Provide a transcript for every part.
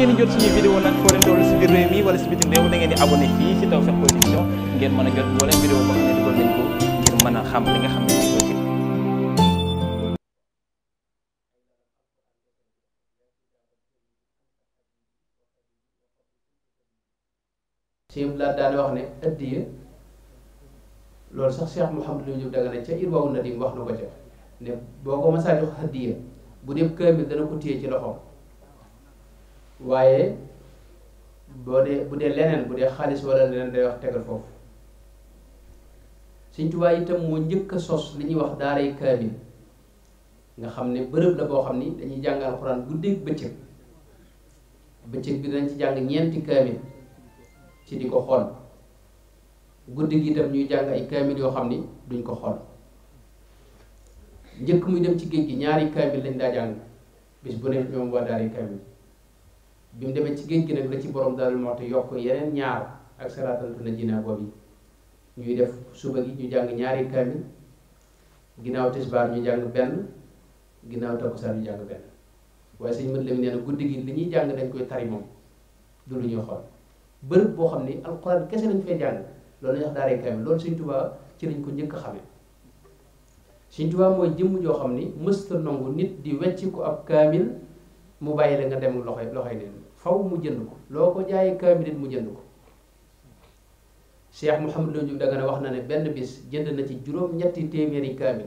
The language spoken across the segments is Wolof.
ngeen jot suñu vidéo nag foo leen toll si wala si bitim da ngeen di abonné fii si Tawfekh Production mën a xam ne dugal a xam ne Cheikh Blaat daal wax ne addiya loolu sax Cheikh Mouhamadou Diop Dagana ca Irwaawu wax na ko ca ne boo ko masaa jox addiya bu dee kaamil dana ko téye ci loxoom waaye boo dee bu dee leneen bu dee xaalis wala leneen day wax tegal foofu Sëñ Tuubaa itam moo njëkk a sos li ñuy wax daaray kaamil nga xam ne bërëb la koo xam ni dañuy jàng alxuraan guddeeg bëccëg bi dañ ci jàng ñeenti kaamil ci di ko guddi gi ñuy jàng ay kaamil yoo xam ni duñ ko xool njëkk muy dem ci géej gi ñaari kaamil lañ daa jàng bis bu ne ñoom waa daaray kaamil bi mu demee ci géej gi la ci borom daal moo te yeneen ñaar ak saraatantu na ñuy def suba gi ñu jàng ñaari kaamil ginnaaw tisbaar ñu jàng benn ginnaaw sëñ mën leen nee na li ñuy jàng dañ koy tari du lu ñuy xool boo xam ni alxuraan kese lañ fay jàng loolu la ñuy wax ci lañ ko njëkk a xamee sëñ Tuubaa mooy jëmm joo xam ni mësta nangu nit di wecc ko ab kaamil mu bàyyi la nga dem loxoy loxoy neen faw mu jënd ko loo ko jaayee kaamilit mu jënd ko Cheikh Mouhamadou Lamine Diouf Dagana wax na ne benn bis jënd na ci juróom-ñetti téeméeri kaamil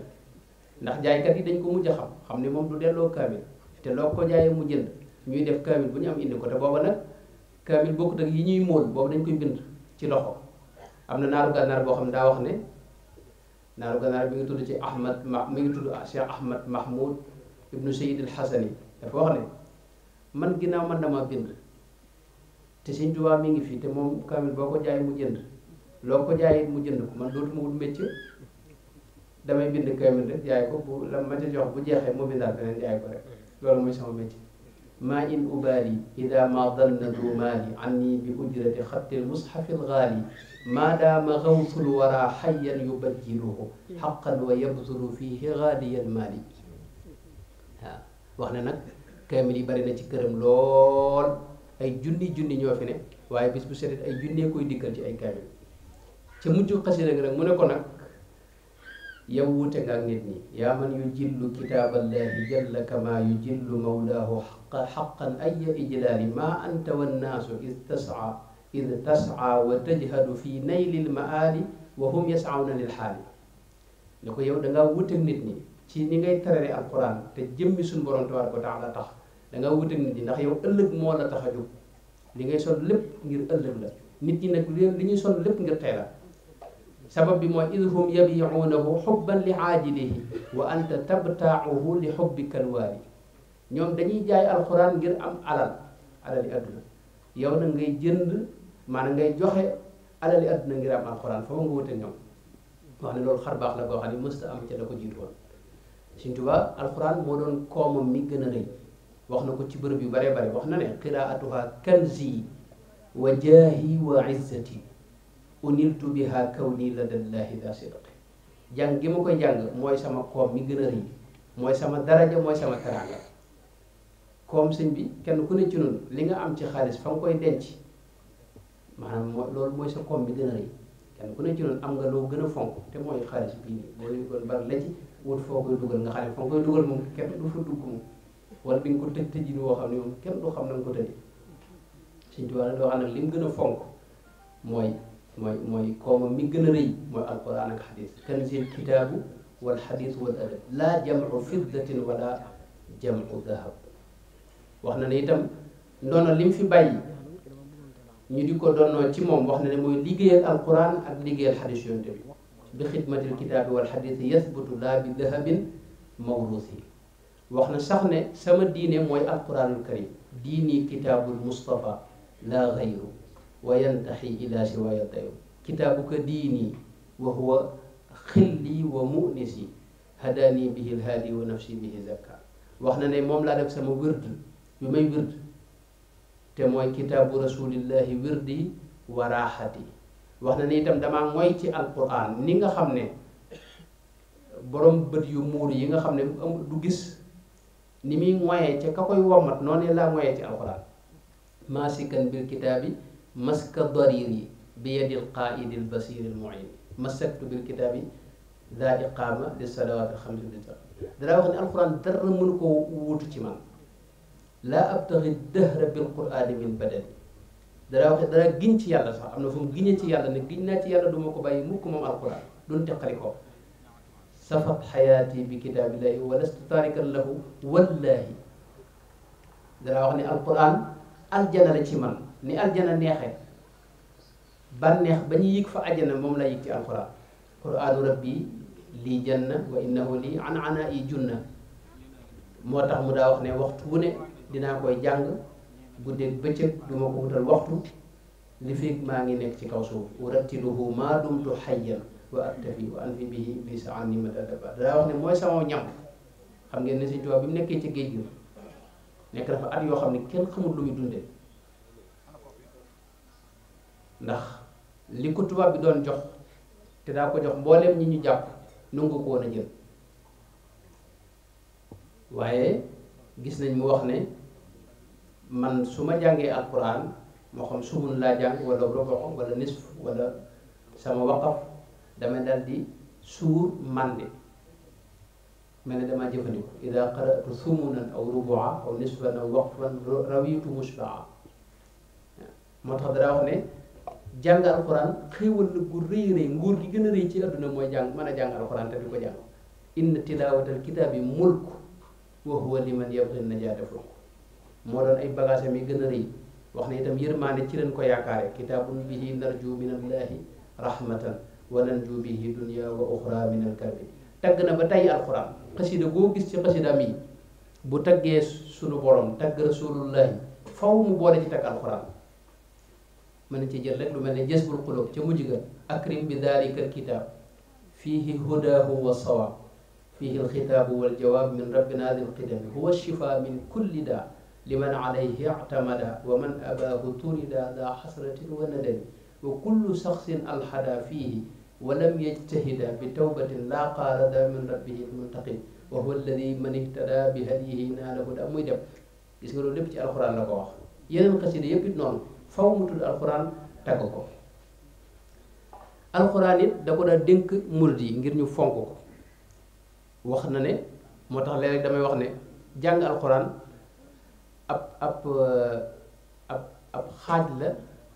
ndax jaaykat yi dañ ko mujj xam xam ne moom du delloo kaamil te loo ko jaayee mu jënd ñuy def kaamil bu ñu am indi ko te booba nag kaamil bokkut ak yi ñuy móol boobu dañ koy bind ci loxo am na naaru ganaar boo xam daa wax ne naaru gànnaar bi ngi tudd ci Ahmad ma mi ngi tudd Cheikh Ahmad dafa wax ne man ginnaaw man damaa bind te Sëñ mi ngi fii te moom kaamil boo ko jaay mu jënd loo ko jaay mu jënd ko man dootuma wut métier damay bind kaamil rek jaay ko bu la ma jeexee mu bindaat beneen jaay ko rek loolu mooy sama métier maa in ubaali ida ma danna du maali anni bi ujrati xattil mushafi lgaali maadaama xawsul wara xayan yubajjiluhu xaqan wa yabzulu fiihi gaaliya lmaali waaw wax ne kaamil yi bari na ci këram lool ay junni junni ñoo fi ne waaye bis bu setet ay junnee koy dikkal ci ay kaamil ca mujj xasida gi nag mu ne ko nag yow wuute nga ak nit ñi yaa man yu jillu kitaaballahi jalla kama yu jillu mawlaahu xaqan aya ijlaali ma anta wannaasu id tasaa id tasaa wa tajhadu fi naylil maali wa hum yasauna lil xaali ne ko yow dangaa wuute ak nit ñi ci ni ngay tarare alquran te jëmmi suñu borom tabaaraka wa taala tax danga nga wuteeg nit ñi ndax yow ëllëg moo la tax a jóg li ngay sol lépp ngir ëllëg la nit ñi nag li ñuy sol lépp ngir tey la sabab bi mooy idhum yabiunahu xubban li aajilihi wa anta tabtaahu li xubbika alwaali ñoom dañuy jaay alxuraan ngir am alal alali adduna yow nag ngay jënd maanaam ngay joxe alali adduna ngir am alxuraan foofu nga wuteeg ñoom wax ne loolu xar baax la boo xam ne mësta am ca la ko jiitu woon wax na ko ci bërëb yu bare bare wax na ne qiraatuha kanzi wa jaahi wa izzati uniltu biha kawni ladallahi da sidqi jàng gi ma koy jàng mooy sama koom mi gën a rëy mooy sama daraja mooy sama teraanga koom sëñ bi kenn ku ne ci noonu li nga am ci xaalis fa nga koy denc maanaam mooy loolu mooy sa koom mi gën a rëy kenn ku ne ci noonu am nga loo gën a fonk te mooy xaalis bii nii boo leen ko bari la ci wut foo koy dugal nga xaalis foo koy dugal moom kenn du fa dugg moom wala di nga ko tëj tëjin woo xam ne moom kenn du xam na nga ko tëjee Sëñ Tuubaa dañoo li mu gën a fonk mooy mooy mooy koomam mi gën a rëy mooy alquran ak xadis kanzil kitaabu wal xadis wal adab laa jamcu fiddatin wala jamcu dahab wax na ne itam ndono li mu fi bàyyi ñu di ko donnoo ci moom wax na ne mooy liggéeyal alquran ak liggéeyal xadis yonte bi bi xidmatil kitaabi wal xadis yasbutu laa bi dahabin mawrusi wax na sax ne sama diine mooy alquranul karim diini kitaabul mustafa la gayru wa yantaxi ila siwaya tayo kitaabuka diini wa xilli wa munisi hadani bihi lhaadi wa nafsi bihi zakka wax na ne moom laa def sama wird yu may wird te mooy kitaabu rasulillahi wirdi wa raaxati wax na ne itam damaa moy ci alquran ni nga xam ne borom bët yu muur yi nga xam ne du gis ni muy moyee ca ka koy wommat noonu laa moyee ci alxuraan maasikan bil kitaabi maska dariri bi yadil qaaidi l basiri l muin masaktu bil kitaabi daa iqaama li salawaati xamsi bi dara wax ne alxuraan dara mënu koo wuutu ci man laa abtaxi dëhra bil quraani min badali dara wax dara giñ ci yàlla sax am na fu mu giñee ci yàlla ne giñ naa ci yàlla du ko bàyyi mukk moom alxuraan duñ teqali ko safat xayaati bi kitaabillahi walastu taarikan lahu wallaahi danaa wax ni alquran aljana la ci man ni aljana neexee bànneex ba ñu yëg fa ajana moom laa yëg ci alquran quraanu rabbi lii janna wa innahu lii yi junna moo tax mu daa wax ne waxtu wu ne dinaa koy jàng guddeeg bëccëg duma ko wutal waxtu li maa ngi nekk ci kaw suuf urattiluhu maa dumtu xayyan wa artafi wa mooy sama ñam xam ngeen bi mu nekkee ci géej gi dafa at yoo xam ne kenn xamul lu muy dunde ndax li ko tubaab bi doon jox te daa ko jox mbooleem ñi ñu jàpp nungu ko woon a jël waaye gis nañ mu wax ne man su ma jàngee alquran moo xam sumun laa jàng wala ruboxo wala nisf wala sama waqaf dama daal di suur mànde mel ne damaa jëfandikoo ida qaratu sumunan aw rubua aw nisfan aw waqfan rawitu musbaa moo tax dara wax ne jàng alxuraan xéewal la gu rëy rëy nguur gi gën a rëy ci àdduna mooy jàng mën a jàng alxuraan te di ko jàng inna tilaawatal kitaabi mulk wa huwa liman yabghi najaata fulk moo doon ay bagage am gën a rëy wax ne itam yërmaane ci leen ko yaakaare kitaabun bihi narju minallahi rahmatan walan tuubihi dunya wa uxra min al karbi tagg na ba tey alxuraan xasida goo gis ci xasidaam yi bu taggee sunu borom tagg rasulullahi faw mu boole ci tagg alxuraan mën na ci jël rek lu mel ne jësbul xulóob ca mujj ga akrim bi daalika alkitaab fiihi hudaahu wa sawaab fiihi alxitaabu waljawaab min rabbina dil qidami huwa shifaa min kulli daa liman alayhi ictamada wa man abaahu turida daa xasratin wa nadami wa kullu saxsin alxada fiihi walam yajtahida bi tawbatin laa qaarada min rabbihi lmuntaqim wa huwa alladi man ihtada bi hadiyihi naala huda muy dem gis nga loolu lépp ci alxuraan la ko wax yeneen xasida yépp it noonu faw mu alxuraan tagg ko alxuraan it da ko daa dénk murid yi ngir ñu fonk ko wax na ne moo tax léeg-léeg damay wax ne jàng alxuraan ab ab ab ab xaaj la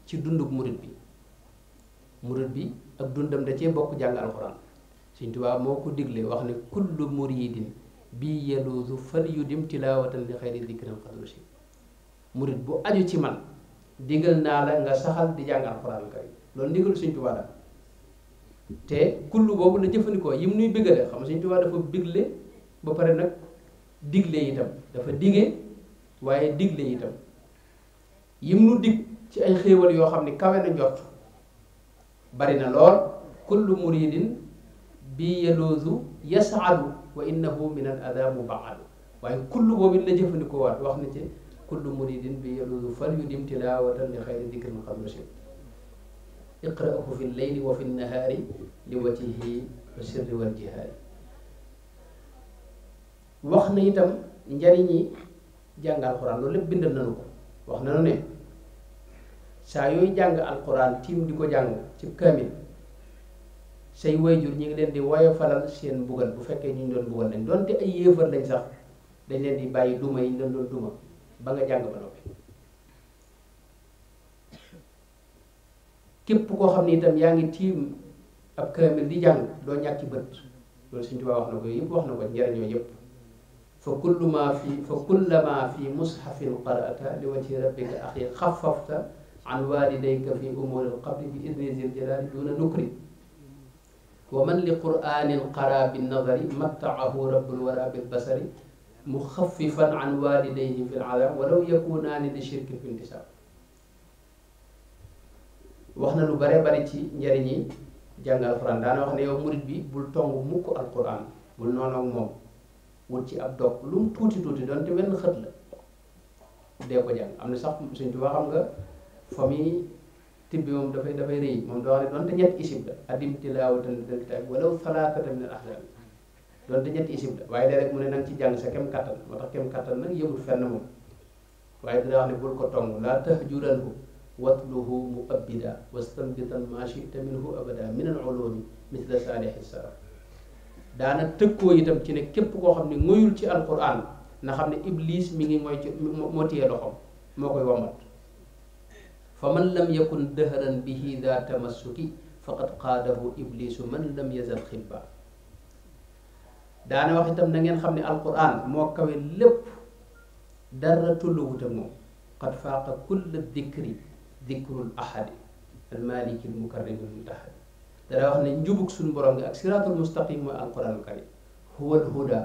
ci dunduk murid bi murid bi ak dundam da cee bokk jàng alxuraan Sëñ Tuubaa moo ko digle wax ne kullu muridin bii yaluusu fal yudim tilaawatan li xayri dikrin xaduusi murid bu aju ci man digal naa la nga saxal di jàng alxuraan kay loolu ndigalu Sëñ Tuubaa la te kullu boobu la jëfandikoo yim nuy bigale xam Sëñ Tuubaa dafa bigle ba pare nag digle itam dafa dige waaye digle itam yim nu dig ci ay xéewal yoo xam ne kawe na njort bari na lool kullu muridin bi yaloosu yasaadu wa innahu min al ada mubaadu waaye kullu boobu la jëfandikoo waat wax na ci kullu muridin bi yaloosu fal yudim tilaawatan li xayri dikrin xabla shirk iqra'uhu fi leyli wa fi nahaari li watihi sirri wal jihaari wax na itam njariñi jàngal xuraan loolu lépp bindal nanu ko wax nanu ne saa yooy jàng alquran tiim di ko jàng ci kamil say jur ñi ngi leen di woyofalal seen mbugal bu fekkee ñu doon mbugal lañ doonte ay yéefar lañ sax dañ leen di bàyyi duma yi ñu leen doon duma ba nga jàng ba noppi képp koo xam ni itam yaa ngi tiim ab kaamil di jàng doo ñàkk ci bët loolu suñu tubaab wax na ko yëpp wax na ko njariñ yooyu fa kullu fi fa kullama fi mushafin qara'ata li wajhi rabbika axi xaffafta an walidayka fi umuri alqabri bi idni wax na lu bare bari ci njëriñ jàng alquran daana wax ne yow murit bi bul tong mukk alquran bul noonoog moom wut ci ab dog lu mu tuuti tuuti doonte wenn xët la dee ko jàng am na sax Sëñ Tuubaa xam nga famille tibb bi moom dafay dafay rëy moom doo xam ne donte ñetti isib la adim tilaawatan minal kitaab walaw salaasatan minal ahzaab donte ñetti isib la waaye léeg-léeg mu ne na nga ci jàng sa kem kattan moo tax kem kattan nag yëmul fenn moom waaye dina wax ne bul ko tong laa tahjuranhu watluhu muabbida wastanbitan maa shita minhu abada min al ulumi misla saalihi saraf daana tëkkoo itam ci ne képp koo xam ne ngoyul ci alquran na xam ne iblis mi ngi mooy ci moo téye loxoom moo koy womat fa man lam yakun dëhëran bihi daa tamassuki faqad qaadahu iblisu man lam yazal xibba daana wax itam na ngeen xam ne alquran moo kawe lépp dara tulluwuta moom qad faaqa kulla dikri dikrul ahadi almaliki almukarrimi almutahadi dana wax ne njubug suñu borom gi ak siraatul mustaqim mooy alquranul karim huwa alhuda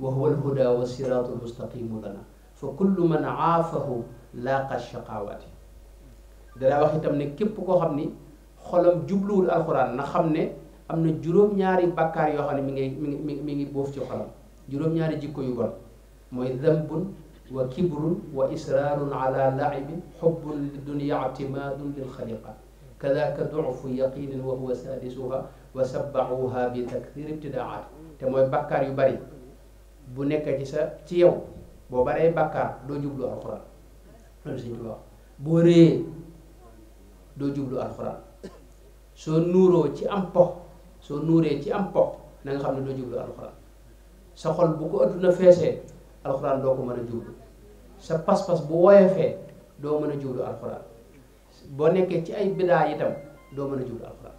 wa huwa alhuda wa siraatul mustaqimu lana fa kullu man aafahu laaqa shaqaawati danaa wax itam ne képp koo xam ni xolam jubluwul alxuraan na xam ne am na juróom-ñaari bàkkaar yoo xam ne mi ngi mi ngi mi ngi boof ci xolam juróom-ñaari jikko yu bon mooy dambun wa kibrun wa israarun ala laibin xubbun li dunia atimaadun lil xaliqa kadaka dufu yaqinin mooy bàkkaar yu bari bu nekk ci ci yow boo baree bàkkaar doo doo jublu alxuraan soo nuuroo ci am pox soo nuuree ci am pox na xam ne doo jublu alxuraan sa xol bu ko adduna feesee alxuraan doo ko mën a jublu sa pas-pas bu woyofee doo mën a jublu alxuraan boo nekkee ci ay bidaa itam doo mën a jublu alxuraan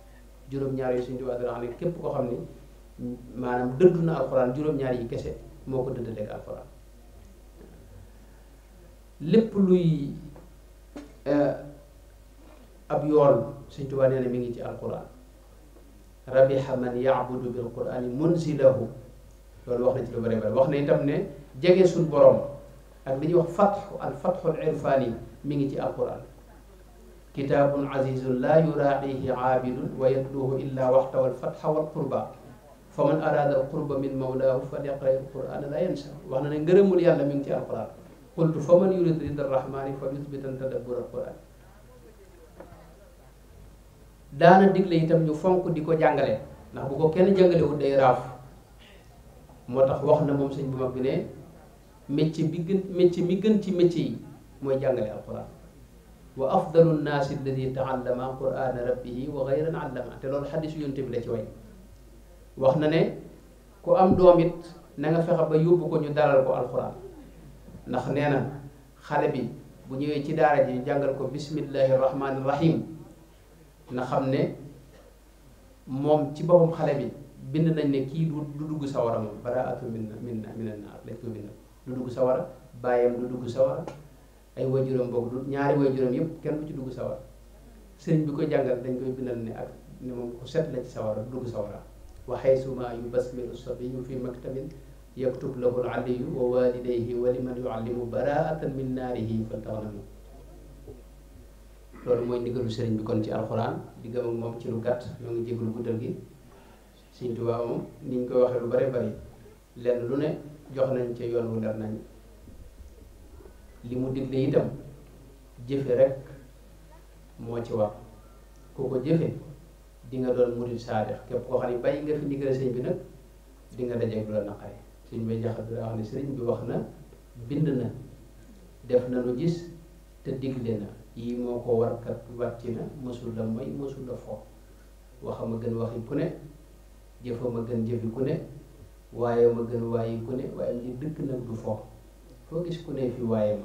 juróom-ñaar yi suñu diwaat dana xam ne képp koo xam ne maanaam dëddu na alxuraan juróom-ñaar yi kese moo ko dëddaleeg alxuraan lépp luy euh, ab yool Sëñ Tuubaa nee na mi ngi ci alquran rabiha man yaabudu bil qurani munzilahu loolu wax na ci lu bëri bëri wax na itam ne jege suñ borom ak li ñuy wax fatxu al fatxul irfani mi ngi ci alquran kitaabun azizun laa yuraaxihi aabidun wa yatluuhu illaa waxtawa alfatxa walqurba fa man araada alqurba min mawlaahu falyaqra alqurana laa yansa wax na ne ngërëmul yàlla mi ngi ci alquran qultu fa man yurid rida arrahmani fa yusbitan tadabbur alquran daana digle itam ñu fonk di ko jàngale ndax bu ko kenn jàngalewul day raaf moo tax wax na moom sëñ bu mag bi ne métier bi gën métier mi gën ci métier yi mooy jàngale alquran wa afdalu nnaasi alladi taallama qurana rabbihi wa gayran allama te loolu xadis yu yonte bi la ci way wax na ne ku am doom it na nga fexe ba yóbbu ko ñu daral ko alquran ndax nee na xale bi bu ñëwee ci daara ji ñu jàngal ko bismillahi rahmaani rahim na xam ne moom ci boppam xale bi bind nañ ne kii du dugg sawara moom baraatu min min minan naar lañ ko bind du dugg sawara bàyyam du dugg sawara ay waajuram boobu du ñaari waajuram yëpp kenn du ci dugg sawara sëriñ bi ko jàngal dañ koy bindal ne ak ne moom ku set la ci sawara du dugg sawara wa xaysuma yubasmilu sabiyu fi maktabin yaktub lahu al aliyu wa walidayhi wa liman yuallimu baraatan min naarihi faltaxlamu loolu mooy ndigalu sëriñ bi kon ci alxuraan di gëm moom ci lu gàtt yoo ngi jégalu guddal gi sëriñ Tuubaa moom ni ñu koy waxee lu bare bari lenn lu ne jox nañ ca yoon wu leer nañ li mu digle itam jëfe rek moo ci war ku ko jëfe di nga doon murid saadix képp ko xam ne bàyyi nga fi ndigal sëriñ bi nag di nga dajeeg lu la naqare wax ne sëriñ bi wax na bind na def na lu gis te digle na kii moo ko war kat wàcc na mësul la moy mësul la fo waxam a gën waxi ku ne jëfam a gën jëfi ku ne waaye ma gën waayi ku ne waaye li dëgg nag du fo foo gis ku foo ko waaye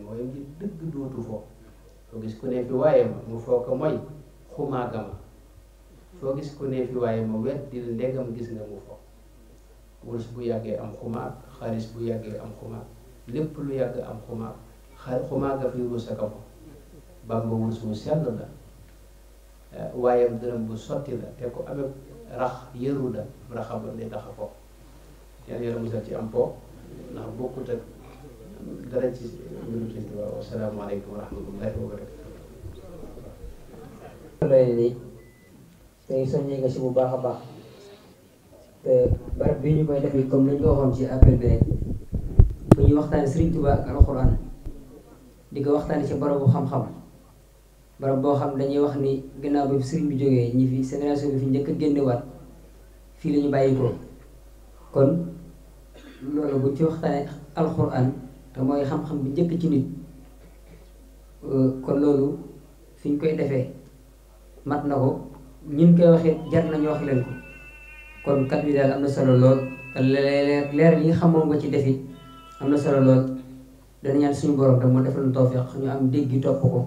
ma waaye li dëgg dootu fo foo gis ku ne fi waaye ma mu foo ko moy xumaaga ma foo gis ku ne fi waaye ma weddil ndegam gis nga mu fo wurus bu yàggee am xumaag xaalis bu yàggee am xumaag lépp lu yàgg am xumaag xar xumaag a fi ruus ak ko bamba wurus wu sell la eh, waayam dërëm bu sotti la te ku amee rax yëru la raxaba ne daxa ko yàlla yàlla musal ci am po ndax bokkut ak dara ci mbirum sëñ Tuubaa wa salaamaaleykum wa rahmatullahi wa barakaatu tey soññee nga si bu baax a baax bii ñu koy comme ni ñu ci appel bi ñuy waxtaan Sëriñ Tuubaa ak alxuraan di ko waxtaane ci barabu xam-xam barab boo xam dañuy wax ni gannaaw bi sëriñ bi jógee ñi fi génération bi fi njëkk a génnewaat fii la bàyyikoo kon loolu bu ci waxtaane alxuraan te mooy xam njëkk ci nit euh, kon loolu fi ñu koy defee mat na ko ñun koy waxee jar nañu wax leen ko kon kat bi daal am na solo lool te leer leer yi nga xamoon nga ci defi am na solo lool dana ñaan suñu borom tam moo defal nu ñu am dégg gi topp ko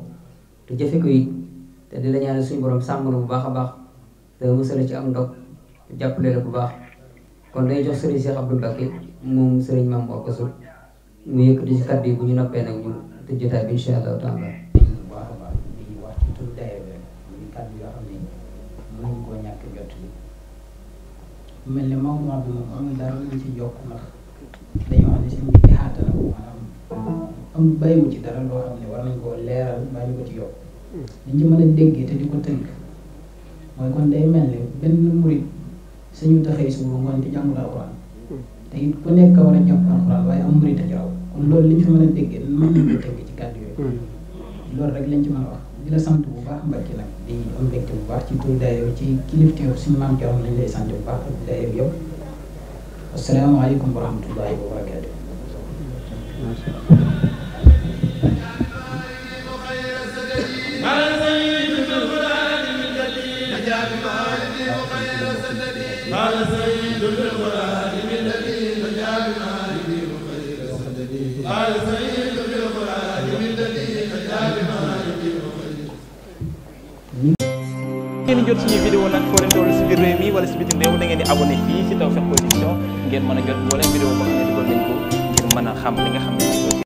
te jëfe ko it te di la suñu borom sàmm na bu baax a baax te ci am ndog jàppale bu baax kon dañuy jox sëriñ Cheikh Abdou Mbacké moom sëriñ Mame mu yëkkati ci kàddu yi bu ñu noppee nag ñu te ni moom ci jokk ne si ixaata la maanaam am bàyyiwu ci dara loo xam ne war nañ koo leeral baa ñu ko ci yokk dañ ci mën a déggee te di ko tënk mooy kon day mel ne benn murit suñu taxee suba ngoon ci jàngul alxuraan te it ku nekk war a jàpp alxuraan waaye am murit a ci raw kon loolu li ñu fi mën a déggee mën nañ ko tënk ci kàddu yooyu loolu rek lañ ci mën a wax di la sant bu baax Mbacke nag di am mbégte bu baax ci tur dayoo ci kilifteew suñu maam Thiam lañ lay sant bu baax ak dayoo asalaamaaleykum wa rahmatullahi wa barakaatu. ngeen jot suñu vidéo nag foo leen toll si biir réew mi wala si bitim réew ngeen mën a jot wala vidéo boo xam ne dugal nañ ko mën a xam li nga xam ne